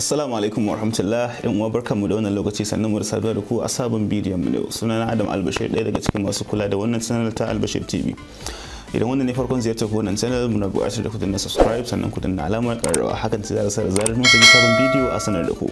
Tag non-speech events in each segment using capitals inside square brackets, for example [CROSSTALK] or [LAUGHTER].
Assalamu alaikum wa rahmatullah in uwa barka mu da wannan lokaci sannan mu da sabuwar da ku a sabon bidiyon mu ne sunana Adam Albashir ɗaya daga cikin masu kula da wannan channel ta Albashir TV idan wannan ne farkon ziyartar ku wannan channel muna buƙatar da ku na subscribe sannan ku na alamar ƙararrawa hakan ta zara sa da zarar mun sabon bidiyo a sanar da ku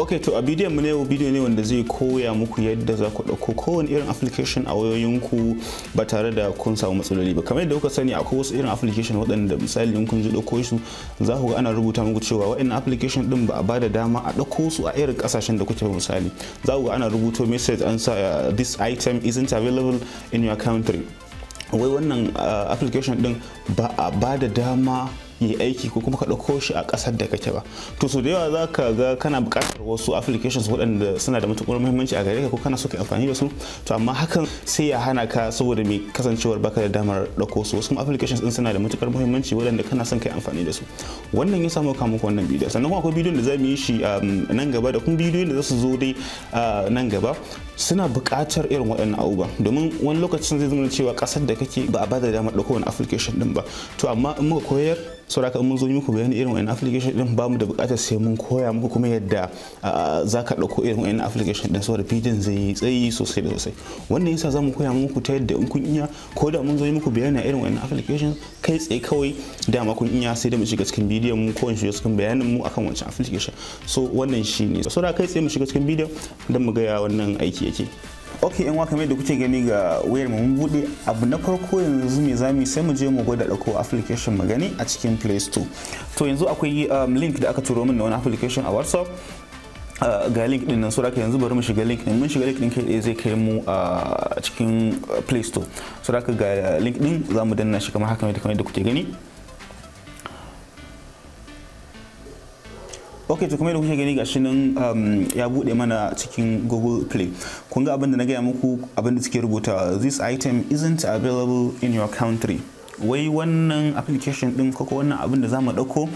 ok to a bidiyon mu ne bidiyo ne wanda zai koya muku yadda za ku ɗauko kowane irin application a wayoyinku ba tare da kun samu matsaloli ba kamar yadda kuka sani akwai wasu irin application waɗanda misali in kun je ɗauko su za ku ga ana rubuta muku cewa waɗannan application ɗin ba a ba da dama a dauko su a irin kasashen da kuke misali za ku ga ana rubuto message an sa uh, this item isn't available in your country wai wannan uh, application ɗin ba a ba da dama yi aiki ko kuma ka ɗauko shi a ƙasar da kake ba to so da yawa za ka ga kana buƙatar wasu applications waɗanda suna da matuƙar muhimmanci a gare ka ko kana so ka amfani da su to amma hakan sai ya hana ka saboda mai kasancewar baka da damar ɗauko su wasu kuma applications ɗin suna da matuƙar muhimmanci waɗanda kana son ka yi amfani da su wannan ya samu kamu wannan bidiyo sannan kuma akwai bidiyon da za mu yi shi um, nan gaba da kuma bidiyon da za su zo dai uh, nan gaba suna buƙatar irin waɗannan abubuwa domin wani lokacin zai zama cewa ƙasar da kake ba a ba da damar ɗauko wani application ɗin ba to amma in muka koyar saboda haka mun zo yi muku bayani irin wa'annan application din ba mu da bukatar sai mun koya muku kuma yadda za ka ɗauko irin wa'annan application din saboda pidgin zai yi tsayi sosai da sosai wannan yasa za mu koya muku ta yadda in kun iya ko da mun zo yi muku bayani irin wa'annan application kai tsaye kawai dama kun iya sai da mu shiga cikin bidiyon mu ko in shiga cikin bayanin mu akan wancan application so wannan shine saboda kai tsaye mu shiga cikin bidiyon don mu ga ya wannan aiki yake ok yan mai da kuke gani ga wayar mu mun bude abu na farko yanzu me zami sai mu je mu gwada dauko application mu gani a cikin play store to yanzu akwai um, link da aka turo min na wani application a whatsapp uh, ga link din nan saboda yanzu bari mu shiga link din mun shiga link din kai zai kai mu a uh, cikin uh, play store saboda ga link din zamu danna shi kamar haka kamar da kuke gani ok to kuma da kuke gani gashi nan um, ya bude mana cikin google play kun ga abinda na gaya muku abinda da suke rubuta this item isn't available in your country wai wannan application din ko wannan abin da za mu dauko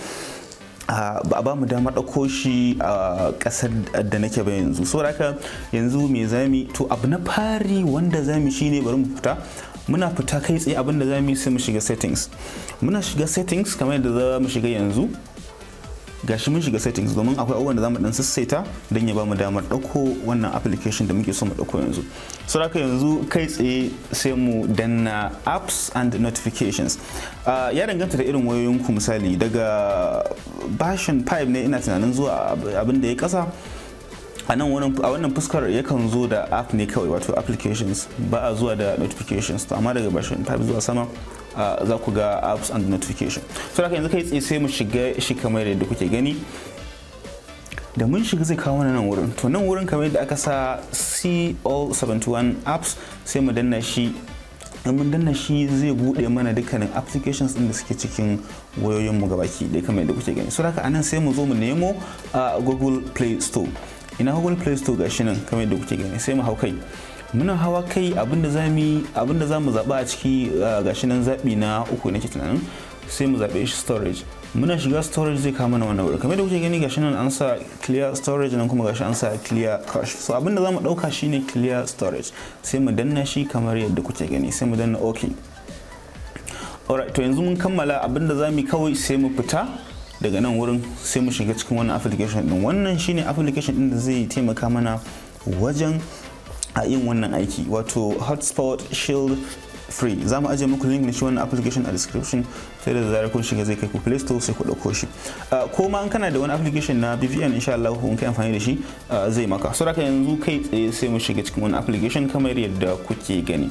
ba ba mu dama dauko shi a kasar da nake ba yanzu saboda haka yanzu me zami to abu na fari wanda zami shine bari mu fita muna fita kai tsaye abin da zami sai mu shiga settings muna shiga settings kamar yadda za mu shiga yanzu gashi mun shiga settings domin akwai abubuwan da zamu dan sassaita don ya ba mu damar dauko wannan application da muke so mu dauko yanzu so yanzu kai tsaye sai mu danna apps and notifications ah, ya danganta da irin wayoyinku misali daga bashin 5 ne ina tunanin zuwa abin da ya kasa a nan a wannan fuskar yakan zo da app ne kawai wato applications ba a zuwa da notifications to amma daga version ta zuwa sama za ku ga apps and notification so haka yanzu kai tsaye sai mu shiga shi kamar yadda kuke gani da mun shiga zai kawo nan wurin to nan wurin kamar yadda aka sa c all 71 apps sai mu danna shi in mun danna shi zai bude mana dukkanin applications din da suke cikin wayoyin mu gabaki dai kamar yadda kuke gani so haka anan sai mu zo mu nemo a google play store ina google play store ga nan kamar yadda kuke gani sai mu hau kai muna hawa kai abinda za mu zaba a ciki ga nan zaɓi na uku nake tunanin sai mu zaɓe shi storage muna shiga storage zai kama na wannan wurin kamar yadda kuke gani ga nan an sa clear storage nan kuma ga an sa clear cache so abinda za mu dauka shine clear storage sai mu danna shi kamar yadda kuke gani sai mu danna okay alright to yanzu mun kammala abinda zamu kawai sai mu fita daga nan wurin sai mu shiga cikin wannan application din wannan shine application din da zai taimaka mana wajen a yin wannan aiki wato hotspot shield free za mu ajiye muku link na shi wannan application a description sai da zarar kun shiga zai kai ku play store sai ku dauko shi ah, ko ma in kana da wani application na BVN insha Allah kun kai amfani da shi ah, zai maka saboda yanzu kai tsaye sai mu shiga cikin wannan application kamar yadda kuke gani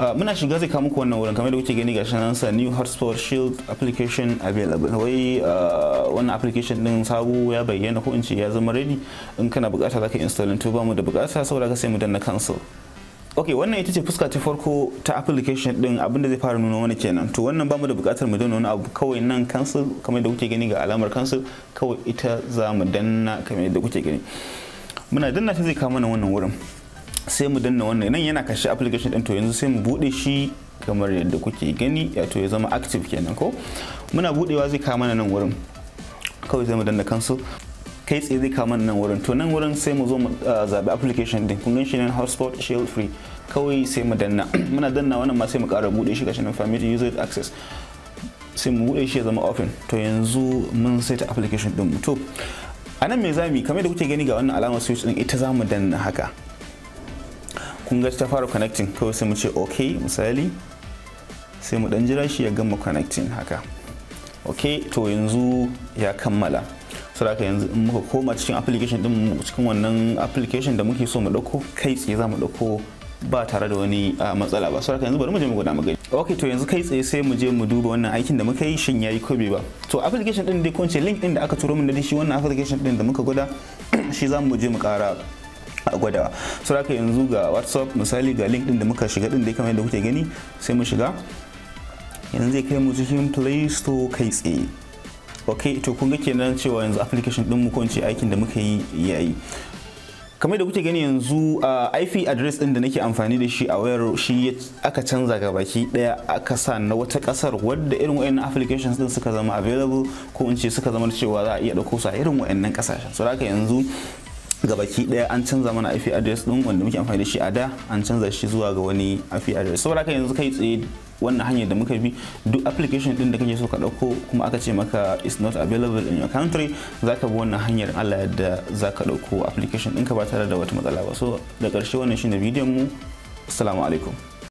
Uh, muna shiga zai kawo muku wannan wurin kamar da kuke gani ga nan sa new hotspot shield application available wai uh, wannan application din sabo ya bayyana ko in ce ya zama ready in kana bukata zaka install to ba mu da bukata saboda ka sai mu danna cancel ok wannan ita ce fuska ta farko ta application din abinda zai fara nuna wani kenan to wannan bamu da bukatar mu danna wani abu kawai nan cancel kamar da kuke gani ga alamar cancel kawai ita za mu danna kamar da kuke gani muna danna ta zai kawo mana wannan wurin sai mu danna wannan nan yana kashe application din to yanzu sai mu bude shi kamar yadda kuke gani ya to ya zama active kenan ko muna budewa zai kama nan wurin kawai sai mu danna kansu kai tsaye zai kama nan wurin to nan wurin sai mu zo mu ah, zabi application din kun shi nan hotspot shield free kawai sai mu danna [CLEARS THROAT] muna danna wannan ma sai mu ƙara bude shi gashi nan family user access sai mu bude shi ya zama open to yanzu mun saita application din mu to a nan me zamu kamar da kuke gani ga wannan alamar switch din ita zamu danna haka kun ga ta fara connecting kawai sai mu ce ok misali sai mu dan jira shi ya gama connecting haka ok to yanzu ya kammala so da yanzu in muka koma cikin application din cikin wannan application da muke so mu dauko kai tsaye za mu dauko ba tare da wani matsala ba so yanzu bari mu je mu gwada mu ok to yanzu kai tsaye sai mu je mu duba wannan aikin da muka yi shin yayi ko bai ba to application din dai ko link din da aka turo min da shi wannan application din da muka gwada shi za mu je mu kara a gwadawa so haka yanzu ga whatsapp misali ga linkedin da muka shiga din da kamar yadda kuke gani sai mu shiga yanzu zai kai mu cikin play store kai tsaye ok to kun ga kenan cewa yanzu application din mu ko aikin da muka yi yayi kamar da kuke gani yanzu a ah, IP address din da nake amfani da shi a wayar shi aka canza ga baki daya aka sa na wata kasar wadda irin wayannan applications din suka zama available ko in ce suka zama cewa za a iya dauko su a irin wayannan kasashen so haka yanzu gabaki daya an canza mana IP address din wanda muke amfani da shi a da an canza shi zuwa ga wani IP address saboda haka yanzu kai tsaye wannan hanyar da muka bi duk application din da kake so ka dauko kuma aka ce maka is not available in your country zaka bi wannan hanyar Allah yadda zaka dauko application ka ba tare da wata matsala ba so da karshe wannan shine bidiyon mu assalamu alaikum